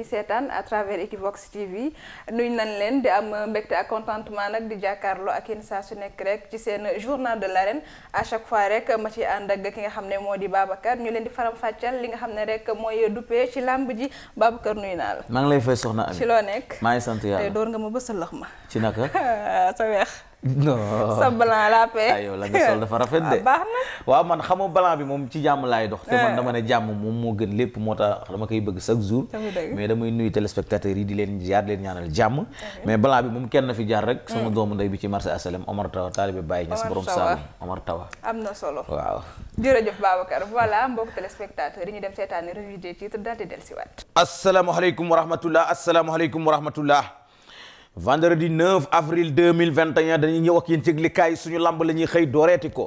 ñuy seetaan à travers Equivox TV nuyu nañ leen di am mbégte ak contentement nag di jàkkaarloo ak yéen saa su nekk rek ci seen journal de ren à chaque fois rek ma ci ànd ak ki nga xam ne moo di Babacar ñu leen di faram fàccal li nga xam ne rek mooy duppee ci làmb ji Babacar nuy naa la. maa ngi lay fay soxna Ami ci loo nekk. maa ngi sant yàlla te door nga ma bësalax ma. ci naka. sa weex. non sa blanc la paix. aywa ah, la sol dafa rafet de. Ah, baax na waaw man xamu blanc bi moom ci jàmm laay dox. te man eh. dama ne jàmm moom moo gën lépp moo tax dama koy bëgg chaque jour. mais damay nuyu téléspectateurs yi di leen jaar leen ñaanal jàmm. Eh. mais blanc bi moom kenn na fi jaar rek. Eh. sama doomu ndey bi ci marché asalem Omar Tawa taalibe Baye Niass borom Saalum Omar Tawa. am na solo waaw. jërëjëf Babacar voilà mbokk téléspectateurs yi ñu dem seetaan revue des titres daal di dellusiwaat. asalaamaaleykum vendredi 9 avril 2021 dañuy ñëw ak yéen ci yëglikaay suñu lamb la ñuy xëy dooreeti ko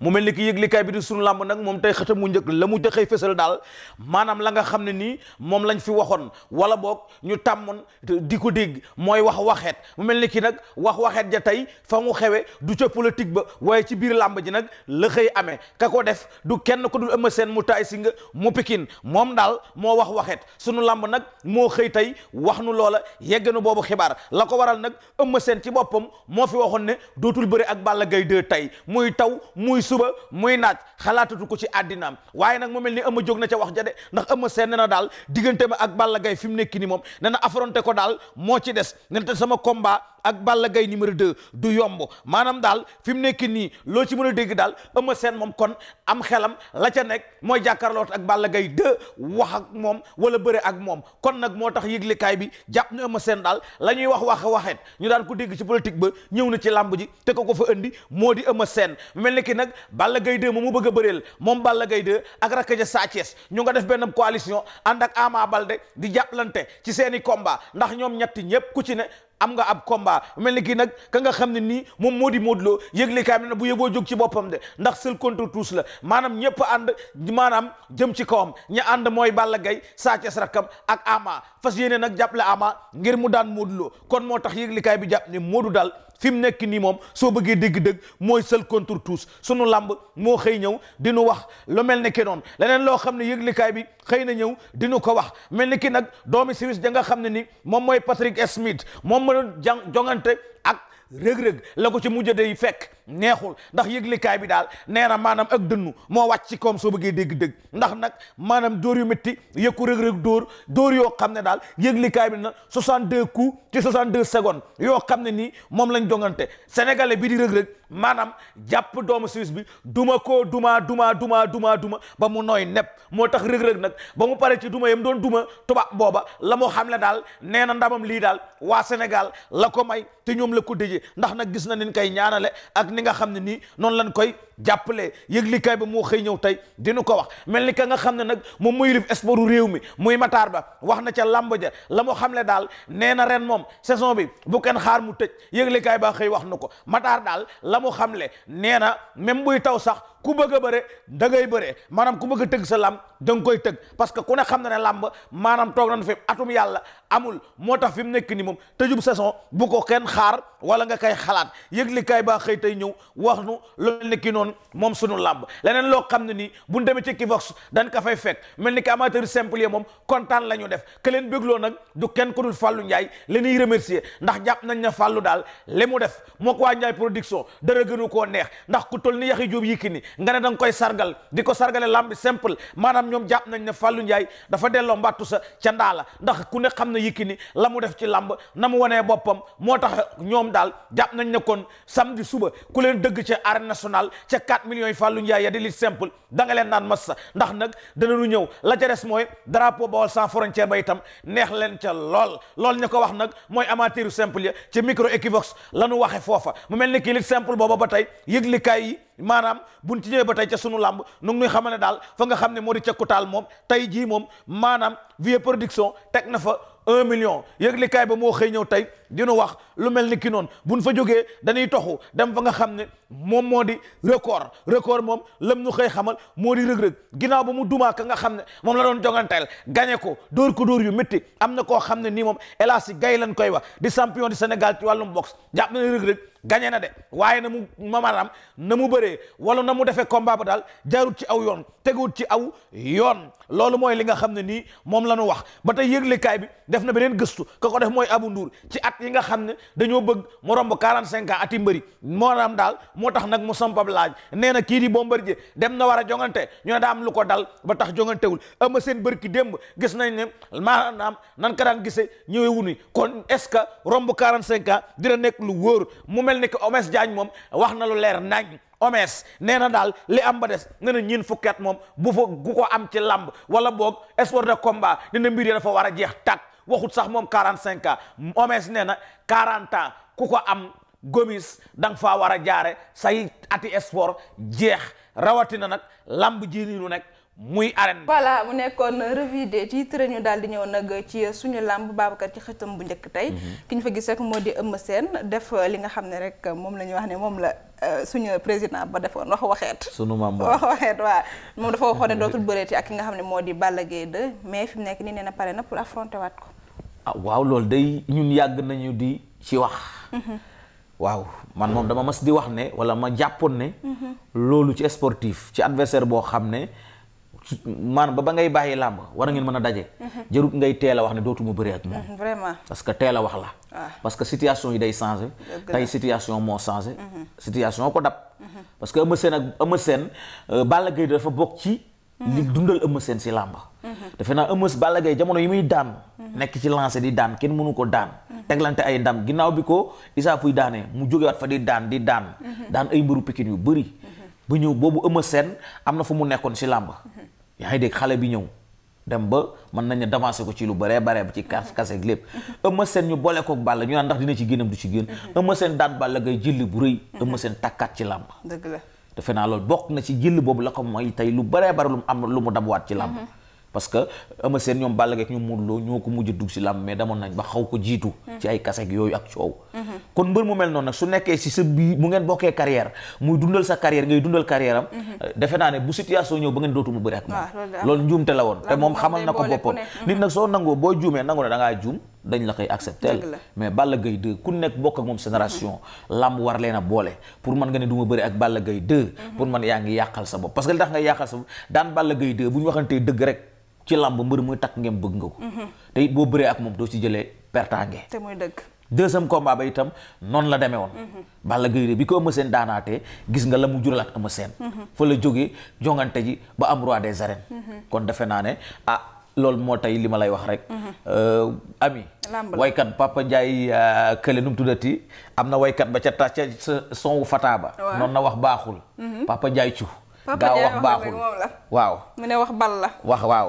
mu mel ni ki yëglikaay bi di sunu làmb nag moom tey xëta mu njëkk la mu jëxëy fësal daal maanaam la nga xam ne nii moom lañ fi waxoon wala boog ñu tàmmoon di ko dégg mooy wax waxeet mu mel ni ki nag wax waxeet ja tey fa mu xewe du ca politique ba waaye ci biir làmb ji nag la xëy amee ka ko def du kenn ko dul Eumeu seen mu taay si nga mu pikin moom daal moo wax waxeet sunu làmb nag moo xëy tey wax nu loola yegg nu boobu xibaar la ko waral nag Eumeu Sène ci boppam moo fi waxoon ne dootul bëre ak Balla Gaye tey muy taw suba muy naaj xalaatatu ko ci àddinaam waaye nag mu mel ni ëmma jóg na ca wax ja de ndax ëmma seen ne na daal diggante ma ak Balla Gaye fi mu nekk ni moom ne na ko daal moo ci des ne te sama combat ak Balla Gaye numéro 2 du yomb maanaam daal fi mu nekk nii loo ci mën a dégg daal ama seen moom kon am xelam la ca nekk mooy jàkkaarloot ak Balla Gaye 2 wax ak moom wala bëre ak moom kon nag moo tax yëglekaay bi jàpp na ëmma seen daal la ñuy wax wax waxeet ñu daan ko dégg ci politique ba ñëw na ci làmb ji te ko fa andi moo di ëmma seen mel ni nag Balla Gaye 2 mu bëgg a bëreel moom Balla Gaye 2 ak rakk ja Sa Thiès ñu nga def benn coalition ànd ak Ama Baldé di jàppalante ci seeni combat ndax ñoom ñetti ñëpp ku ci ne am nga ab combat mel ni kii nag ka nga xam ne nii moom moo di Modou Lo yëgle kaay na bu yëgoo jóg ci boppam de ndax seul contre tous la maanaam ñëpp ànd maanaam jëm ci kawam ña ànd mooy Balla Gaye Sa Thiès rakkam ak Ama fas yéene nag jàppale Ama ngir mu daan mooduloo kon moo tax yëgle kaay bi jàpp ne Modou daal fi mu nekk nii moom soo bëggee dégg-dëgg mooy seul contre tous sunu làmb moo xëy ñëw dinu wax lu mel ni ki noonu leneen loo xam ne yëglikaay bi xëy na ñëw di ko wax mel ni ki nag doomi Suisse ja nga xam ne ni moom mooy Patrick Smith moom ma jang jongante ak. rëg-rëg la ko ci mujj day fekk neexul ndax yëglikaay bi daal nee na maanaam ak dënnu moo wàcc ci koom soo bëggee dégg-dégg ndax nag maanaam dóor yu métti yëkku rëg-rëg dóor dóor yoo xam ne daal yëglikaay bi na 62 coups ci 62 secondes yoo xam ne nii moom lañ jongante sénégalais bi di rëg maanaam jàpp doomu Suisse bi duma ko duma duma duma duma duma ba mu noy nepp moo tax rëg-rëg nag ba mu pare ci duma yem doon duma tubaab booba la moo xam ne daal nee na ndamam lii daal waa Sénégal la ko may te ñoom la ko déjee ndax nag gis na nin koy ñaanale ak ni nga xam ne nii noonu lañ koy jàppale yëglikaay ba mu xëy ñëw tey dinu ko wax mel ni ka nga xam ne nag moom muy lif sportu réew mi muy mataar ba wax na ca làmb ja la moo xam ne daal nee na ren moom saison bi bu kenn xaar mu tëj yëglikaay ba xëy wax na ko la mu xamle nee na même buy taw sax ku bëgg a bëre da ngay bëre maanaam ku bëgg a tëgg sa làmb da koy tëgg parce que ku ne xam na ne làmb maanaam toog nañ fi atum yàlla amul moo tax fi mu nekk nii moom tëjub saison bu ko kenn xaar wala nga kay xalaat yëgli kaay baa xëy tey ñëw wax nu loolu nekki noonu moom sunu làmb leneen loo xam ne nii buñ demee ci Equivox dañ ka fay fekk mel ni que amateur simple yi moom kontaan la ñu def que leen bégloo du kenn ku dul Fallou njaay la ñuy remercier ndax jàpp nañ ne Fallou daal li mu def moo ko waa Ndiaye production dara gënu koo neex ndax ku toll yi nga ne danga koy sargal di ko sargale lambi simple maanaam ñoom jàpp nañ ne fàllu njaay dafa delloo mbattu sa ca ndaala ndax ku ne xam na Yékini la mu def ci làmb na mu wanee boppam moo tax ñoom daal jàpp nañ ne kon samedi suba ku leen dëgg ca arène national ca 4 million yi Fallou Ndiaye ya di li simple da leen naan massa ndax nag danañu ñëw la ca des mooy drapeau Baol sans frontière ba itam neex leen ca lool lool ñu ko wax nag mooy amateuru simple ya micro Equivox la ñu waxe foofa mu mel ni kii li simple booba ba tey yëglikaay maanaam buñ ci ñëwee ba tey ca sunu làmb nu ngi nuy xamal ne daal fa nga xam ne moo di cekku taal moom tey jii moom maanaam vie production teg na un million yëglikaay ba moo xëy ñëw tey dina wax lu mel ni ki noonu bu buñ fa jógee danuy toxu dem fa nga xam ne moom moo di record record moom lam ñu xëy xamal moo di rëg ginnaaw ba mu dumaa ka nga xam ne moom la doon jonganteel gañe ko dóor ko dóor yu métti am na koo xam ne nii moom hélas gay lan koy wax di champion du Sénégal ci wàllum boxe jàpp na ne rëg-rëg gañe na de waaye na mu mamanaam na mu bëree wala na mu defee combat ba daal jaarut ci aw yoon teguwut ci aw yoon loolu mooy li nga xam ne nii moom la ñu wax ba tey yëglikaay bi def na beneen gëstu ka ko def mooy Abu ci at yi nga xam ne dañoo bëgg mu romb 45 ans ati mbëri moonaam daal moo tax nag mu sampab laaj nee na kii di Bombardier dem na war a jongante daa am lu ko dal ba tax jongantewul ama seen bërki démb gis nañ ne maanaam nan ka gisee ñëwee wunu kon est-ce que romb 45 ans dina nekk lu wóor mu mel ni que Omes Diagne moom wax na lu leer nañ omes nee na daal li am ba des nee na ñiin fukki at moom bu fa gu ko am ci làmb wala boog sport de combat nee na mbir yi dafa war a jeex tàkk waxut sax moom 45 cinq Omès nee na 40 ans ku ko am gomis danga nga war a jaare say ati sport jeex rawatina nag lamb ji nii lu nekk muy arène. voilà mu nekkoon revue des titres ñu daal di ñëw nag ci suñu làmb Babacar ci xëtam bu njëkk tey. Mhm. ki ñu fa gis rek moo di Eumeu seen def li nga xam ne rek moom la ñu wax ne moom la euh, suñu président ba defoon wax waxeet. suñu maam wax waxeet waaw. moom dafa waxoon ne dootul bëreeti ak ki nga xam ne di Balla Gaye 2 mais fi mu nekk nii nee na pare na pour waat ko. ah waaw loolu day ñun yàgg nañu di ci wax waaw man moom dama mas di wax ne wala ma jàppoon ne loolu ci sportif ci adversaire boo xam ne maanaam ba ba ngay bàyyi làmb war a ngeen mën a daje jarut ngay teel a wax ne dootuma bëri ak moom mm-hmm, vraiment parce que teel a wax la ah. parce que situation yi day changé tey situation moo changé mm-hmm. situation ko dab mm-hmm. parce que Eumeu Sène ak Eumeu Sène euh, Balla Gaye dafa bokk ci li dundal Eumeu Sène si làmba defe naa Eumeu Balla Gaye jamono yi muy daan nekk ci lancé di daan kenn mënu ko daan teglante ay ndam ginnaaw bi ko Issa Pouye daanee mu jógewaat fa di daan di daan daan ay mbëru Pikine yu bari ba ñëw boobu Eumeu Sène am na fu mu nekkoon si làmba yaa ngi dégg xale bi ñëw dem ba mën nañu demancé ko ci lu bare bare ba ci kas kase lépp Eumeu Sène ñu boole ko Balla ñu naan ndax dina ci génnam du ci génn Eumeu Sène daan Balla Gaye jilli bu rëy Eumeu takkaat ci làmba dëgg defe naa loolu bokk na ci jël boobu la ko mooy tey lu baree bare lu mu am lu mu dabuwaat ci làmb mm-hmm. parce que Eumeu Sène ñoom Balla Gaye ak ñoom Modou Lo ñoo ko mujj dugg ci làmb mais demoon nañ ba xaw ko jiitu mm-hmm. ci ay kaseeg yooyu ak coow mm-hmm. kon mbër mu mel noonu nag su nekkee ci sa bii bu ngeen bokkee carrière muy dundal sa carrière ngay dundal carrière euh, defe naa ne bu situation ñëw ba ngeen dootu mu bëri ak loolu njuumte la woon te moom xamal na ko boppam dañ la koy accepté mais Balla Gaye 2 ku nekk bokk ak moom génération lamb war leen a boole pour man nga ne du ma bëri ak Balla Gaye 2 mhm. pour man yaa ngi yàqal sa bopp parce que li tax nga yàqal sa bopp daan Balla Gaye 2 bu ñu waxantee dëgg rek ci lamb mbër muy takk ngeen bëgg nga ko mhm. te boo bëree ak moom doo ci jëlee pertange te mooy dëgg deuxième combat ba itam noonu la demee woon mhm. Balla Gaye 2 bi ko Eumeu Sène daanaatee gis nga la mu jural ak Eumeu Sène fa la jógee ba am roi loolu moo tey li ma lay wax rek. Mhm. Euh, ami waykat Papa Ndiaye euh, kële nu mu tuddati am na waykat ba ca tas ca son wu fataa ba. na wax baaxul. Mhm. Papa Ndiaye cu daa wax baaxul waaw mu ne wax bal la wax waaw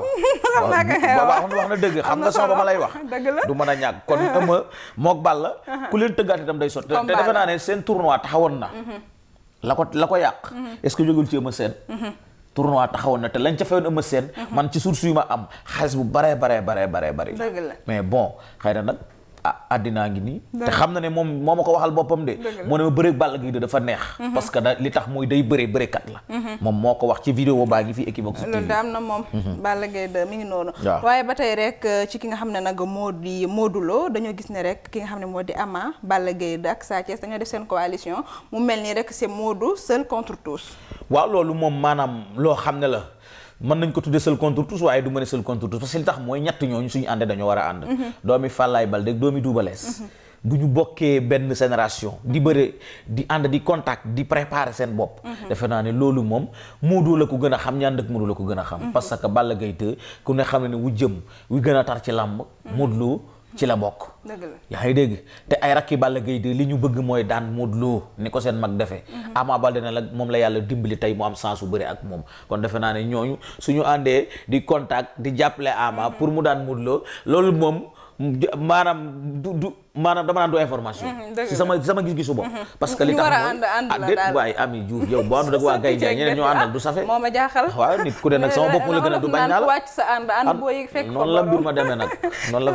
baaxul wax na dëgg xam nga sama ba ma lay wax du mën a ñàkk kon ëma mook bal la uh-huh. ku leen tëggaat itam day sot te defe naa ne seen tournoi taxawoon na mhm. la ko la ko yàq est-ce que jógul ci ëma seen tournoi taxawoon na te lañ ca fayoon ëmb seen. Mhm. man ci source yu ma am xaalis bu baree baree baree baree. dëgg la mais bon xëy nag. àddinaa ngi nii te xam na ne moom moo ma ko waxal boppam de mu ne ma bëre Balla Gaye de dafa neex mhm. parce que li tax muy day bëree bërekat la mhm. moom moo ko wax ci vidéo baa ngi fi Equivox TV loolu moom mhm. Balla Gaye mi ngi noonu waaye ba tey rek euh, ci ki nga xam ne nag moo di Modou Lo dañoo gis ne rek ki nga xam ne moo di amaa Balla Gaye de ak Sa Thiès dañoo def seen coalition mu mel nii rek moo Modou seul contre tous waaw loolu moom maanaam loo xam ne la mën nañ ko tuddee seul contre tous waaye du ma ne seul contre tous parce que li tax mooy ñett ñooñu suñu àndee dañoo war a ànd mhm. doomi Falaye Baldé doomi Double Less mhm. bu ñu bokkee benn génération di bëre di ànd di contact di prépare seen bopp mhm. defe naa ne loolu moom Modou la ko gën a xam ñaan dëkk Modou la ko gën a xam parce que Balla Gaye 2 ku ne xam ne ne wu jëm wi gën a tar ci làmb Modou Lo ci la bokk. dëgg la yaa dégg te ay rakki Balla gay de li ñu bëgg mooy daan Modou Lo ni ko seen mag defee. Mhm. Ama Baldé na la moom la yàlla li tey mu am sens su bëri ak moom kon defe naa ne ñooñu suñu àndee di contact di jàppale Ama mhm. pour mu daan Modou Lo loolu moom maanaam du du. maanaam dama naan du information. Mhm, si sama gis-gisu bopp. Mhm. parce que li ma jaaxal waaw nit nag sama la a du la wàcc sa ma demee nag noonu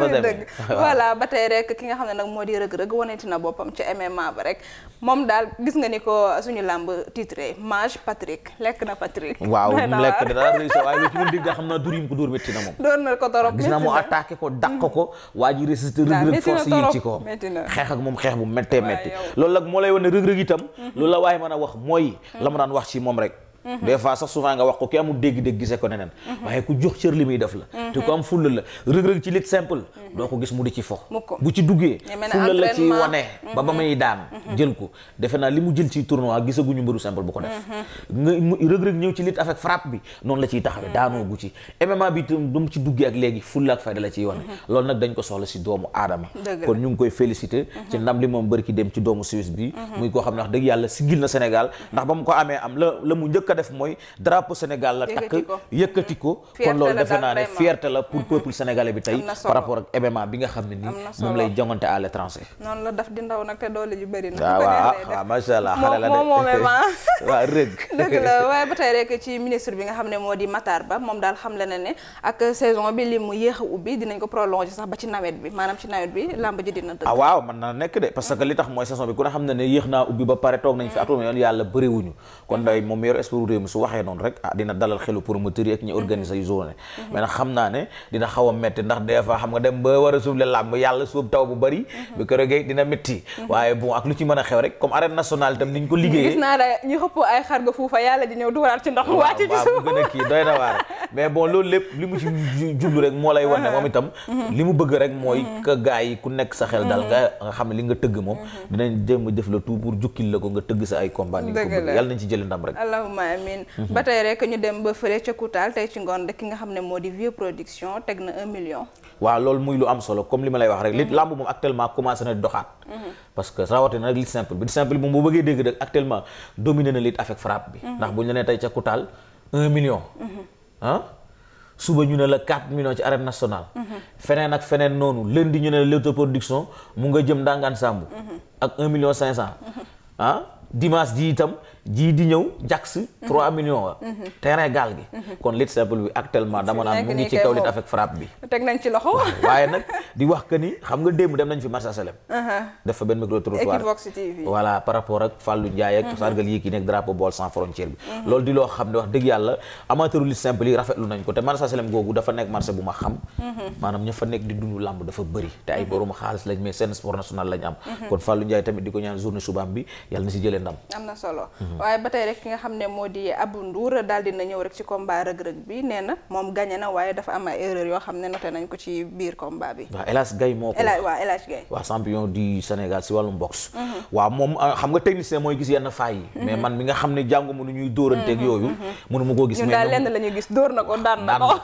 ba tey rek ki nga xam ne nag moo di rëgg-rëgg waneti na boppam ca MMA ba rek moom daal gis nga ni ko suñu làmb titré mage Patrick lekk na Patrick. waaw lekk daal rëy sa waaye ci mun dig daa xam naa dur yi ko dóor métti na moom. dóor na ko torop gis naa mu attaqué ko dàq mm. ko waa ji résisté rëgg-rëgg force yi ko xeex ak moom xeex bu mettee métti loolu nag moo lay wane rëg-rëg itam mhm. lu la waaye mën a wax mooy mhm. la ma daan wax si moom rek des fois sax souvent nga wax ko ki amul dégg-dégg gisee ko neneen mhm. waaye ku jox cër li muy def la mhm. te ku am fulla la rëg-rëg ci lit simple mhm. doo ko gis mu di ci fo bu ci duggee fulla la ci wane ba ba ko defe naa li mu jël ci la ciy taxawee daanoo gu ci MMA duggee ak léegi fulla ak fayda la ciy wane loolu nag dañ ko soxla si doomu aadama kon ñu ngi koy féliciter ci ndam li moom bërki dem ci doomu Suisse bi muy koo xam ne wax dëgg yàlla sigil na Sénégal ndax ba mu ko amee am la mu njëkk a def mooy drapeau Sénégal la takk yëkkati ko la pour mm-hmm. peuple sénégalais bi tey par rapport ak événement bi nga xam ne nii moom lay jongante à l'étranger noonu la daf di ndaw nag te doole ju bëri na ah, la moom ma waaw rëgg dëgg la ba tey rek bi nga xam ne moo di Matar Ba moom daal xam le na ne ak saison bi li mu yéex a ubbi dinañ ko prolonger sax ba ci nawet bi maanaam ci nawet bi làmb ji dina dëgg ah, waaw mën naa nekk de parce que li tax mooy saison bi ku ne xam ne ne yéex naa ubbi ba pare toog nañ fi atum mm. yàlla bëriwuñu njiitu réew mi su waxee noonu rek ah dina dalal xelu promoteur yi ak ñi mhm. organiser yu mhm. xam naa ne dina xaw a metti ndax des fois xam nga dem ba war a suuf le làmb yàlla suuf bu bëri mhm. bi ko rogee dina métti waaye bon ak lu ci mën a xew rek comme arène nationale itam niñ ko liggéeyee gis naa la ñu xëppoo ay di ñëw duwaraat a kii doy na waar mais bon loolu lépp li mu ci jublu rek moo lay wan ne moom itam li mu bëgg rek mooy que yi ku nekk sa xel dal nga nga xam ne li nga tëgg moom dinañ jéem def la tout pour jukkil la ko nga tëgg sa ay combat ni ko bëgg yàlla nañ ci jëli ndam rek amiin mhm. ba tey rek ñu dem ba fële ca Koutal tey ci ngoon rek ki nga xam ne moo di vieux production teg na un million waaw loolu muy lu am solo comme li ma lay wax rek lit mhm. lamb moom actuellement commencé na doxaat mhm. parce que rawatina nag lit simple bi moom boo bëggee dégg rek actuellement dominé na lit avec frappe bi ndax bu ñu ah? ne la 4 millions ci arène nationale. feneen ak feneen noonu lundi ñu ne la l'autoproduction mu nga jëm dangaan sàmbu jii di ñëw jax 3 mhm. millions wa mhm. terrain gaal gi mhm. kon lit simple bi actuellement dama naan mu ngi ci kaw lit avec frappe bi teg nañ ci loxo waaye nag di wax que ni xam nga démb dem nañ fi marché Salem uh-huh. def fa benn micro trottoir Equivox TV voilà par rapport ak Fallou Ndiaye ak sargal yi ki nekk drapeau bool sans frontière bi loolu di loo xam ne wax dëgg yàlla amateuru lit simple yi rafetlu nañ ko te marché Salem googu dafa nekk marché bu ma xam maanaam ña fa nekk di dundu làmb bëri te ay borom lañ mais seen sport national lañ am kon Fallou Ndiaye tamit di ko ñaan journée subaam bi yàlla na si Mmh. waaye ba tey rek ki nga xam ne moo di abu nduur Ndour daal na ñëw rek ci combat rëg-rëg bi nee na moom gagné na waaye dafa am ay erreur yoo xam ne noté nañ ko ci biir combat bi waaw El Hadj moo ko waaw El Hadj Gaye waaw champion du Sénégal si wàllum boxe mmh. waaw moom euh, xam nga technicien mooy gis yenn faay yi mmh. mais man mi nga xam ne jàngu mënu ñuy dóoranteeg yooyu mënu koo gis daal lenn la ñuy gis dóor na ko daan na ko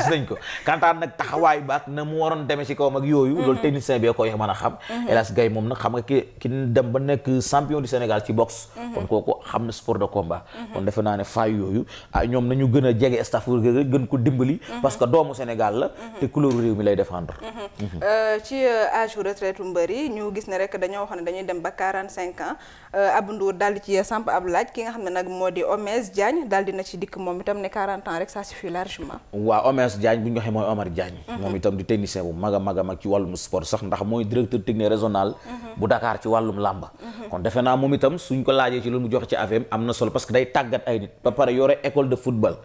gis nañ ko kantaan nag taxawaay baak na mu waroon demee si kawam ak yooyu loolu technicien bi koy mën a xam El Hadj moom nag xam nga ki ki dem ba nekk champion du Sénégal ci boxe kon kooku xam na sport de combat kon defe naa ne faay yooyu ah ñoom nañu gën a jege staff Reug gën ko dimbali mhm. parce que doomu Sénégal la mhm. te couleur réew mi lay défendre mhm. Euh, ci euh, âge retraite mbër yi gis ne rek dañoo wax ne dañuy dem ba 45 ans euh, Abou Ndour daal di ci samp ab laaj ki nga xam ne nag moo di Omez Diagne daal di na ci dikk moom itam ne 40 ans rek ça suffit largement waaw Omez Diagne bu ñu waxee mooy Omar Diagne moom itam di technicien bu mag a mag a mag ci wàllum sport mooy directeur technique régional bu Dakar ci wàllum làmb kon ci AVM am na solo parce que day tàggat ay nit ba pare yore école de football.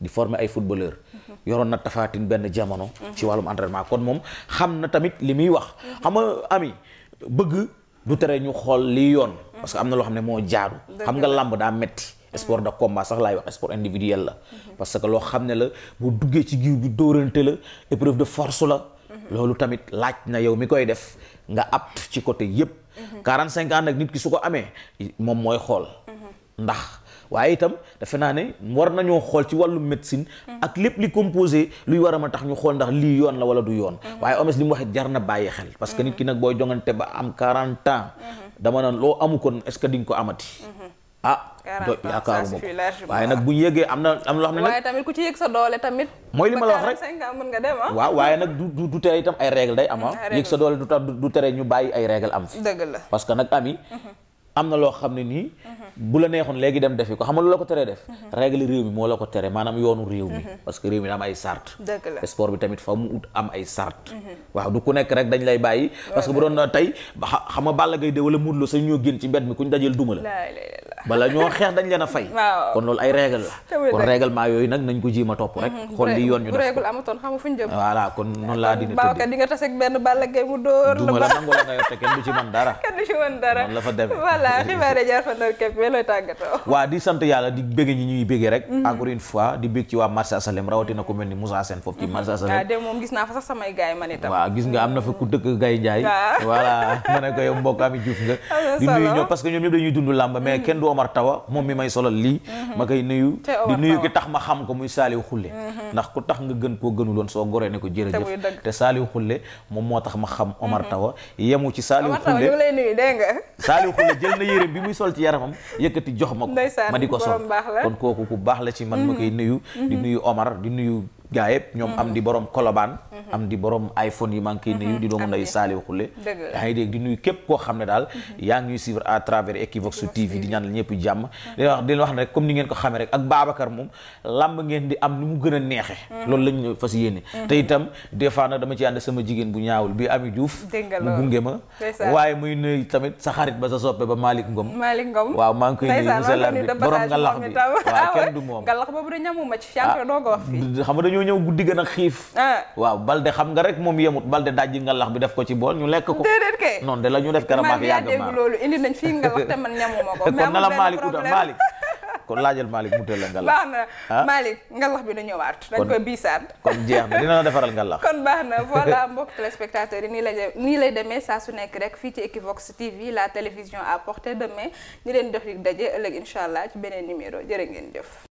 di former ay footballeur yoroon na tafaatin benn jamono. ci wàllum entraînement kon moom xam na tamit li muy wax. xam nga ami bëgg du tere ñu xool li yoon. parce que am na loo xam ne moo jaadu. xam nga làmb daa metti sport de combat sax laay wax sport individuel la. parce que loo xam ne la bu duggee ci giw bi dóorante la épreuve de force la. loolu tamit laaj na yow mi koy def nga apt ci côté yépp quarante cinq ans nag nit ki su ko amee moom mooy xool ndax waaye itam defe naa ne war nañoo xool ci wàllu médecine ak lépp li composé luy war a ma tax ñu xool ndax lii yoon la wala du yoon waaye omes li mu waxee jar na bàyyi xel parce que nit ki nag booy jongante ba am 40 ans dama naan loo amu kon est-ce que di ñu ko amati ah yaakaaruma ko waaye nag bu ñu am na am loo xam ne nag waaye tamit ku sa doole tamit mooy li ma la wax rek mën nga dem ah. waaw waaye nag du du tere itam ay règle day am ah yéeg sa doole du tax du tere ñu bàyyi ay règle am fi dëgg parce que nag ami mhm. am na loo xam ne nii bu la neexoon léegi dem defi ko xam nga lu la ko teree def règle réew mi moo la ko tere maanaam yoonu réew mi mhm. parce que réew mi da ay sart sport bi tamit fa mu ut am ay sart mhm. waaw du ku nekk rek dañ lay bàyyi parce que bu doon tey xam nga Balla Gaye de wala Modou Lo sax ñoo génn ci mbedd mi kuñ dajal duma la bala ñoo xeex dañ leen a fay kon loolu ay règle la kon yooyu nag nañ ko jéem a topp rek mhm. xool li yoon ñu def règle amatoon xam nga fuñ jëm voilà kon noonu laa dina tudd di nga tase ak kenn du ci man dara kenn du ci mën dara noonu la fa demee allah xibaar yi jaar fa ndar képp looy tàggatoo. waa di sant yàlla di bëgg ñi ñuy bëgg rek. Mhm. encore une fois di bëgg ci waa marché Asalem rawatina ku mel ni Moussa Sène foofu ci mhm. marché Asalem. ah de moom gis naa fa sax samay gaay man itam. waaw gis nga am na fa ku dëkk Gaye Ndiaye. Ah. voilà ma ne ko yow ami Diouf nga. di nuyu ñoom parce que ñoom ñëpp dañuy dund làmb mais mhm. kenn du Omar Tawa moom mi may solal lii. ma koy nuyu di nuyu ki tax ma xam ko muy Saliou Khoule. ndax ku tax nga gën koo gënuloon soo goree ne ko jërëjëf te Saliou Khoule moom moo tax ma xam Omar Tawa yemu ci Saliou Khoule Saliou na yére bi muy sol ci yaramam yëkkati jox ma ko ma di ko sol kon kooku ku baax la ci man ma mm-hmm. koy nuyu di mm-hmm. nuyu Omar di nuyu gaa yëpp ñoom am di borom kolobaan mhm. am di borom iPhone yi maa ngi koy nuyu di doomu ndeyu saaliw xulle yaa ngi dégg di nuyu képp koo xam ne daal mhm. yaa ngi ñuy suivre à travers Equivox TV di ñaanal ñëpp jàmm mhm. di wax di wax ne rek comme ni ngeen ko xamee rek ak Babacar moom lamb ngeen di am ni mu gën a neexe loolu lañ ñu fas yéene te itam des fois nag dama ci ànd sama jigéen bu ñaawul bi Ami Diouf mu gunge ma waaye muy nuyu tamit sa xarit ba sa soppe ba Malick Ngom Malick Ngom waaw maa ngi koy nuyu borom nga lax bi waaw ah kenn du moom dañoo ñëw guddi gën a xiif ah. waaw balde xam nga rek moom yemut balde dajji nga lax bi def ko ci bool ñu lekk ko déedéet kay noonu de la ñu def karamaak yàgg ma loolu indi nañ fii nga wax man ñamuma ko kon na la Malick uta Malick kon laajal Malick la ngalax na ah? Malick ngalax bi du ñëwaat dañ koy biisaat kon jeex na dina la defaral ngalax kon baax na voilà mbokk téléspectateurs yi nii lay nii lay demee saa su nekk rek fii ci Equivox TV la télévision à portée de main ñu leen jox yi daje ëllëg incha allah ci beneen numéro jërë ngeen jëf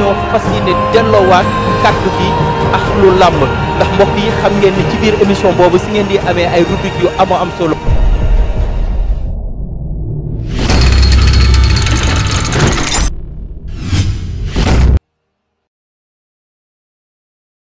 ñoo fas yéene delloowaat kàddu bi ak lu làmb ndax mbokk yi xam ngeen ne ci biir émission boobu si ngeen di amee ay rubrique yu amoo am solo.